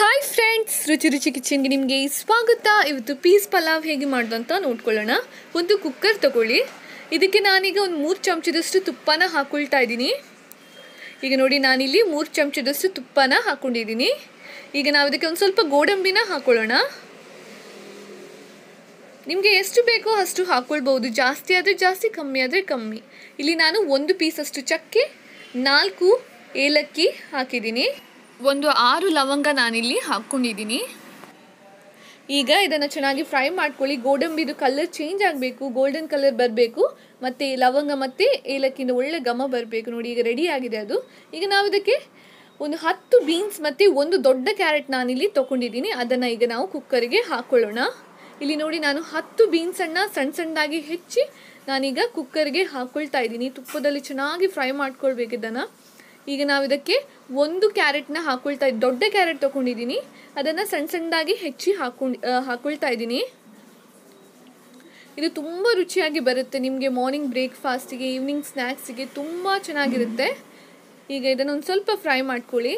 hi friends ರುಚಿ ರುಚಿ ಕಿಚನ್ಗೆ ನಿಮಗೆ ಸ್ವಾಗತ ಇವತ್ತು ಪೀಸ್ ಪಲಾವ್ ಹೇಗೆ ಮಾಡೋದು ಅಂತ ನೋಡ್ಕೊಳ್ಳೋಣ ಒಂದು ಕುಕ್ಕರ್ ತಗೊಳ್ಳಿ ಇದಕ್ಕೆ ನಾನೀಗ ಒಂದು ಮೂರು ಚಮಚದಷ್ಟು ತುಪ್ಪನ ಹಾಕ್ಕೊಳ್ತಾ ಇದ್ದೀನಿ ಈಗ ನೋಡಿ ನಾನಿಲ್ಲಿ ಮೂರು ಚಮಚದಷ್ಟು ತುಪ್ಪನ ಹಾಕ್ಕೊಂಡಿದ್ದೀನಿ ಈಗ ನಾವು ಇದಕ್ಕೆ ಒಂದು ಸ್ವಲ್ಪ ಗೋಡಂಬಿನ ಹಾಕ್ಕೊಳ್ಳೋಣ ನಿಮಗೆ ಎಷ್ಟು ಬೇಕೋ ಅಷ್ಟು ಹಾಕ್ಕೊಳ್ಬೋದು ಜಾಸ್ತಿ ಆದರೆ ಜಾಸ್ತಿ ಕಮ್ಮಿ ಆದರೆ ಕಮ್ಮಿ ಇಲ್ಲಿ ನಾನು ಒಂದು ಪೀಸಷ್ಟು ಚಕ್ಕೆ ನಾಲ್ಕು ಏಲಕ್ಕಿ ಹಾಕಿದ್ದೀನಿ ಒಂದು ಆರು ಲವಂಗ ನಾನಿಲ್ಲಿ ಹಾಕ್ಕೊಂಡಿದ್ದೀನಿ ಈಗ ಇದನ್ನು ಚೆನ್ನಾಗಿ ಫ್ರೈ ಮಾಡ್ಕೊಳ್ಳಿ ಗೋಡಂಬಿದು ಕಲರ್ ಚೇಂಜ್ ಆಗಬೇಕು ಗೋಲ್ಡನ್ ಕಲರ್ ಬರಬೇಕು ಮತ್ತು ಲವಂಗ ಮತ್ತು ಏಲಕ್ಕಿಂದ ಒಳ್ಳೆ ಘಮ ಬರಬೇಕು ನೋಡಿ ಈಗ ರೆಡಿ ಆಗಿದೆ ಅದು ಈಗ ನಾವು ಇದಕ್ಕೆ ಒಂದು ಹತ್ತು ಬೀನ್ಸ್ ಮತ್ತು ಒಂದು ದೊಡ್ಡ ಕ್ಯಾರೆಟ್ ನಾನಿಲ್ಲಿ ತೊಗೊಂಡಿದ್ದೀನಿ ಅದನ್ನು ಈಗ ನಾವು ಕುಕ್ಕರಿಗೆ ಹಾಕ್ಕೊಳ್ಳೋಣ ಇಲ್ಲಿ ನೋಡಿ ನಾನು ಹತ್ತು ಬೀನ್ಸನ್ನು ಸಣ್ಣ ಸಣ್ಣದಾಗಿ ಹೆಚ್ಚಿ ನಾನೀಗ ಕುಕ್ಕರ್ಗೆ ಹಾಕ್ಕೊಳ್ತಾ ಇದ್ದೀನಿ ತುಪ್ಪದಲ್ಲಿ ಚೆನ್ನಾಗಿ ಫ್ರೈ ಮಾಡ್ಕೊಳ್ಬೇಕಿದ್ದನ್ನು ಈಗ ನಾವು ಇದಕ್ಕೆ ಒಂದು ಕ್ಯಾರೆಟ್ನ ಹಾಕೊಳ್ತಾ ದೊಡ್ಡ ಕ್ಯಾರೆಟ್ ತೊಗೊಂಡಿದ್ದೀನಿ ಅದನ್ನು ಸಣ್ಣ ಸಣ್ಣದಾಗಿ ಹೆಚ್ಚಿ ಹಾಕೊಂಡು ಹಾಕೊಳ್ತಾ ಇದ್ದೀನಿ ಇದು ತುಂಬ ರುಚಿಯಾಗಿ ಬರುತ್ತೆ ನಿಮಗೆ ಮಾರ್ನಿಂಗ್ ಬ್ರೇಕ್ಫಾಸ್ಟಿಗೆ ಈವ್ನಿಂಗ್ ಸ್ನ್ಯಾಕ್ಸಿಗೆ ತುಂಬ ಚೆನ್ನಾಗಿರುತ್ತೆ ಈಗ ಇದನ್ನು ಒಂದು ಸ್ವಲ್ಪ ಫ್ರೈ ಮಾಡ್ಕೊಳ್ಳಿ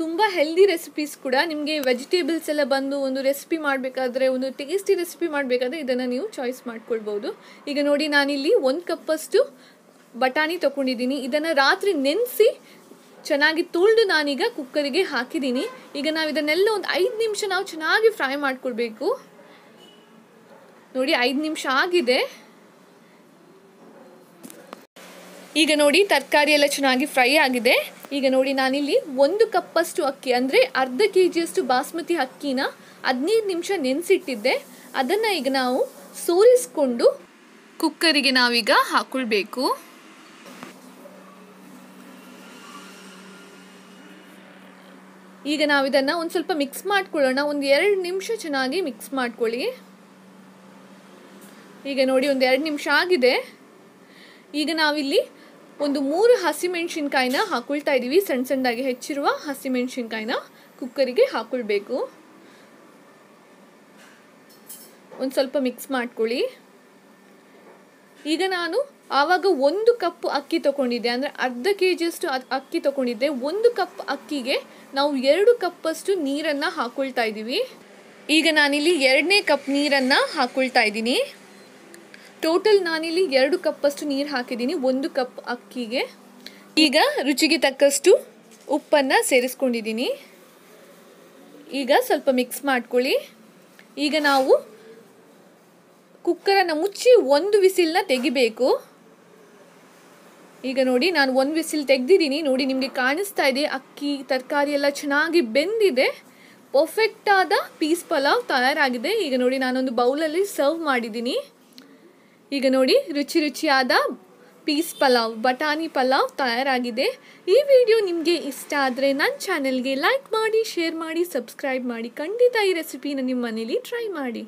ತುಂಬ ಹೆಲ್ದಿ ರೆಸಿಪೀಸ್ ಕೂಡ ನಿಮಗೆ ವೆಜಿಟೇಬಲ್ಸ್ ಎಲ್ಲ ಬಂದು ಒಂದು ರೆಸಿಪಿ ಮಾಡಬೇಕಾದ್ರೆ ಒಂದು ಟೇಸ್ಟಿ ರೆಸಿಪಿ ಮಾಡಬೇಕಾದ್ರೆ ಇದನ್ನು ನೀವು ಚಾಯ್ಸ್ ಮಾಡ್ಕೊಳ್ಬೋದು ಈಗ ನೋಡಿ ನಾನಿಲ್ಲಿ ಒಂದು ಕಪ್ಪಷ್ಟು ಬಟಾಣಿ ತೊಗೊಂಡಿದ್ದೀನಿ ಇದನ್ನು ರಾತ್ರಿ ನೆನೆಸಿ ಚೆನ್ನಾಗಿ ತುಳಿದು ನಾನೀಗ ಕುಕ್ಕರಿಗೆ ಹಾಕಿದ್ದೀನಿ ಈಗ ನಾವು ಇದನ್ನೆಲ್ಲ ಒಂದು ಐದು ನಿಮಿಷ ನಾವು ಚೆನ್ನಾಗಿ ಫ್ರೈ ಮಾಡಿಕೊಡ್ಬೇಕು ನೋಡಿ ಐದು ನಿಮಿಷ ಆಗಿದೆ ಈಗ ನೋಡಿ ತರಕಾರಿ ಎಲ್ಲ ಚೆನ್ನಾಗಿ ಫ್ರೈ ಆಗಿದೆ ಈಗ ನೋಡಿ ನಾನಿಲ್ಲಿ ಒಂದು ಕಪ್ಪಷ್ಟು ಅಕ್ಕಿ ಅಂದರೆ ಅರ್ಧ ಕೆ ಜಿಯಷ್ಟು ಬಾಸ್ಮತಿ ಅಕ್ಕಿನ ಹದಿನೈದು ನಿಮಿಷ ನೆನೆಸಿಟ್ಟಿದ್ದೆ ಅದನ್ನು ಈಗ ನಾವು ಸೋರಿಸ್ಕೊಂಡು ಕುಕ್ಕರಿಗೆ ನಾವೀಗ ಹಾಕೊಳ್ಬೇಕು ಈಗ ನಾವು ಇದನ್ನು ಒಂದು ಸ್ವಲ್ಪ ಮಿಕ್ಸ್ ಮಾಡ್ಕೊಳ್ಳೋಣ ಒಂದು ಎರಡು ನಿಮಿಷ ಚೆನ್ನಾಗಿ ಮಿಕ್ಸ್ ಮಾಡ್ಕೊಳ್ಳಿ ಈಗ ನೋಡಿ ಒಂದು ಎರಡು ನಿಮಿಷ ಆಗಿದೆ ಈಗ ನಾವಿಲ್ಲಿ ಒಂದು ಮೂರು ಹಸಿಮೆಣ್ಸಿನ್ಕಾಯಿನ ಹಾಕೊಳ್ತಾ ಇದ್ದೀವಿ ಸಣ್ಣ ಸಣ್ಣದಾಗಿ ಹೆಚ್ಚಿರುವ ಹಸಿಮೆಣ್ಸಿನ್ಕಾಯಿನ ಕುಕ್ಕರಿಗೆ ಹಾಕೊಳ್ಬೇಕು ಒಂದು ಸ್ವಲ್ಪ ಮಿಕ್ಸ್ ಮಾಡ್ಕೊಳ್ಳಿ ಈಗ ನಾನು ಆವಾಗ ಒಂದು ಕಪ್ ಅಕ್ಕಿ ತಗೊಂಡಿದ್ದೆ ಅಂದರೆ ಅರ್ಧ ಕೆ ಜಿಯಷ್ಟು ಅಕ್ಕಿ ತಗೊಂಡಿದ್ದೆ ಒಂದು ಕಪ್ ಅಕ್ಕಿಗೆ ನಾವು ಎರಡು ಕಪ್ಪಷ್ಟು ನೀರನ್ನು ಹಾಕ್ಕೊಳ್ತಾ ಇದ್ದೀವಿ ಈಗ ನಾನಿಲ್ಲಿ ಎರಡನೇ ಕಪ್ ನೀರನ್ನು ಹಾಕೊಳ್ತಾ ಇದ್ದೀನಿ ಟೋಟಲ್ ನಾನಿಲ್ಲಿ ಎರಡು ಕಪ್ಪಷ್ಟು ನೀರು ಹಾಕಿದ್ದೀನಿ ಒಂದು ಕಪ್ ಅಕ್ಕಿಗೆ ಈಗ ರುಚಿಗೆ ತಕ್ಕಷ್ಟು ಉಪ್ಪನ್ನು ಸೇರಿಸ್ಕೊಂಡಿದ್ದೀನಿ ಈಗ ಸ್ವಲ್ಪ ಮಿಕ್ಸ್ ಮಾಡ್ಕೊಳ್ಳಿ ಈಗ ನಾವು ಕುಕ್ಕರನ್ನು ಮುಚ್ಚಿ ಒಂದು ವಿಸಿಲನ್ನ ತೆಗಿಬೇಕು ಈಗ ನೋಡಿ ನಾನು ಒಂದು ವಿಸಿಲ್ ತೆಗೆದಿದ್ದೀನಿ ನೋಡಿ ನಿಮಗೆ ಕಾಣಿಸ್ತಾ ಇದೆ ಅಕ್ಕಿ ತರಕಾರಿ ಎಲ್ಲ ಚೆನ್ನಾಗಿ ಬೆಂದಿದೆ ಪರ್ಫೆಕ್ಟಾದ ಪೀಸ್ ಪಲಾವ್ ತಯಾರಾಗಿದೆ ಈಗ ನೋಡಿ ನಾನೊಂದು ಬೌಲಲ್ಲಿ ಸರ್ವ್ ಮಾಡಿದ್ದೀನಿ ಈಗ ನೋಡಿ ರುಚಿ ರುಚಿಯಾದ ಪೀಸ್ ಪಲಾವ್ ಬಟಾಣಿ ಪಲಾವ್ ತಯಾರಾಗಿದೆ ಈ ವಿಡಿಯೋ ನಿಮಗೆ ಇಷ್ಟ ಆದರೆ ನನ್ನ ಚಾನೆಲ್ಗೆ ಲೈಕ್ ಮಾಡಿ ಶೇರ್ ಮಾಡಿ ಸಬ್ಸ್ಕ್ರೈಬ್ ಮಾಡಿ ಖಂಡಿತ ಈ ರೆಸಿಪಿನ ನಿಮ್ಮ ಮನೇಲಿ ಟ್ರೈ ಮಾಡಿ